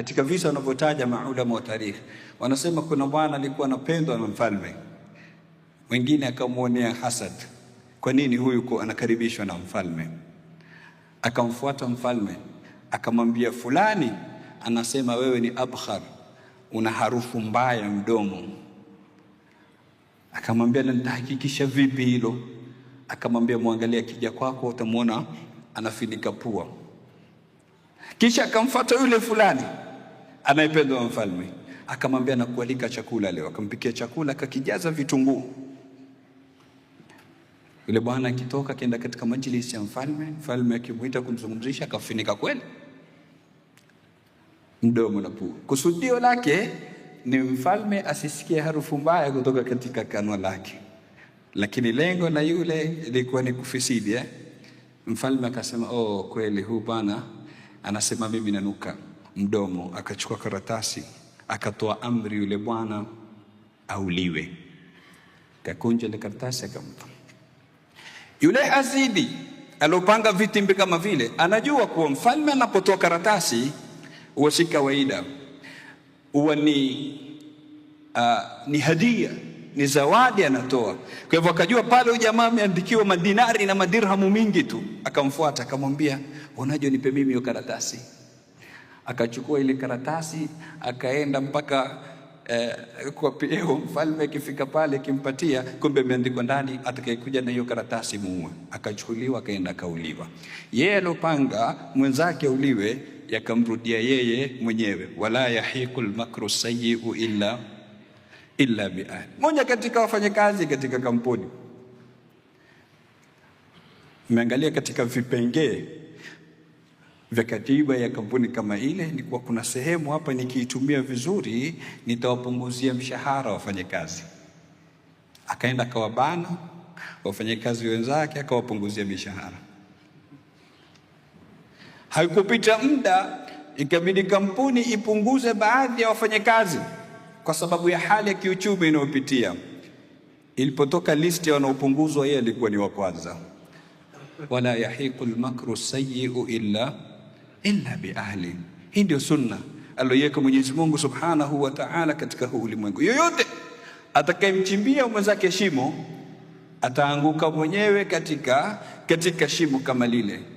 Katika visa wanavyotaja maulama wa tarikhi, wanasema kuna bwana alikuwa anapendwa na mfalme mwingine, akamwonea hasad, kwa nini huyu anakaribishwa na mfalme? Akamfuata mfalme, akamwambia fulani anasema wewe ni abkhar, una harufu mbaya mdomo. Akamwambia nitahakikisha vipi hilo? Akamwambia mwangalie, akija kwako utamwona anafinika pua. Kisha akamfuata yule fulani anayependwa wa mfalme, akamwambia nakualika chakula leo. Akampikia chakula akakijaza vitunguu. Yule bwana akitoka akienda katika majilisi ya mfalme, mfalme akimwita kumzungumzisha, akafunika kweli mdomo na pua. Kusudio lake ni mfalme asisikie harufu mbaya kutoka katika kanwa lake, lakini lengo la yule ilikuwa ni kufisidi eh? Mfalme akasema, oh, kweli huu bwana anasema mimi nanuka mdomo, akachukua karatasi, akatoa amri yule bwana auliwe. Kakunja ile karatasi akampa yule Yazidi aliopanga vitimbi kama vile. Anajua kuwa mfalme anapotoa karatasi huwa si kawaida, huwa ni Uh, ni hadia ni zawadi anatoa. Kwa hivyo akajua pale jamaa ameandikiwa madinari na madirhamu mingi tu, akamfuata akamwambia, unajua nipe mimi hiyo karatasi. Akachukua ile karatasi akaenda mpaka eh, kwa Pieo. Mfalme akifika pale akimpatia, kumbe imeandikwa ndani, atakayekuja na hiyo karatasi muue. Akachukuliwa akaenda akauliwa. Yeye alopanga mwenzake auliwe, yakamrudia yeye mwenyewe. wala yahiqul makru sayyi'u illa illa bi ahli. Mmoja katika wafanyakazi katika kampuni, meangalia katika vipengee vya katiba ya kampuni kama ile, ni kuwa kuna sehemu hapa nikiitumia vizuri nitawapunguzia mshahara wafanyakazi. Akaenda akawabana wafanyakazi wenzake, akawapunguzia mishahara. Haikupita muda, ikabidi kampuni ipunguze baadhi ya wafanyakazi kwa sababu ya hali ya kiuchumi inayopitia. Ilipotoka listi ya wanaopunguzwa, yeye alikuwa ni wa kwanza. wala yahiqu lmakru sayiu illa illa bi ahli. Hii ndio sunna aliyoiweka Mwenyezi Mungu Subhanahu wa Ta'ala katika huu ulimwengu. Yoyote atakayemchimbia mwenzake shimo ataanguka mwenyewe katika, katika shimo kama lile.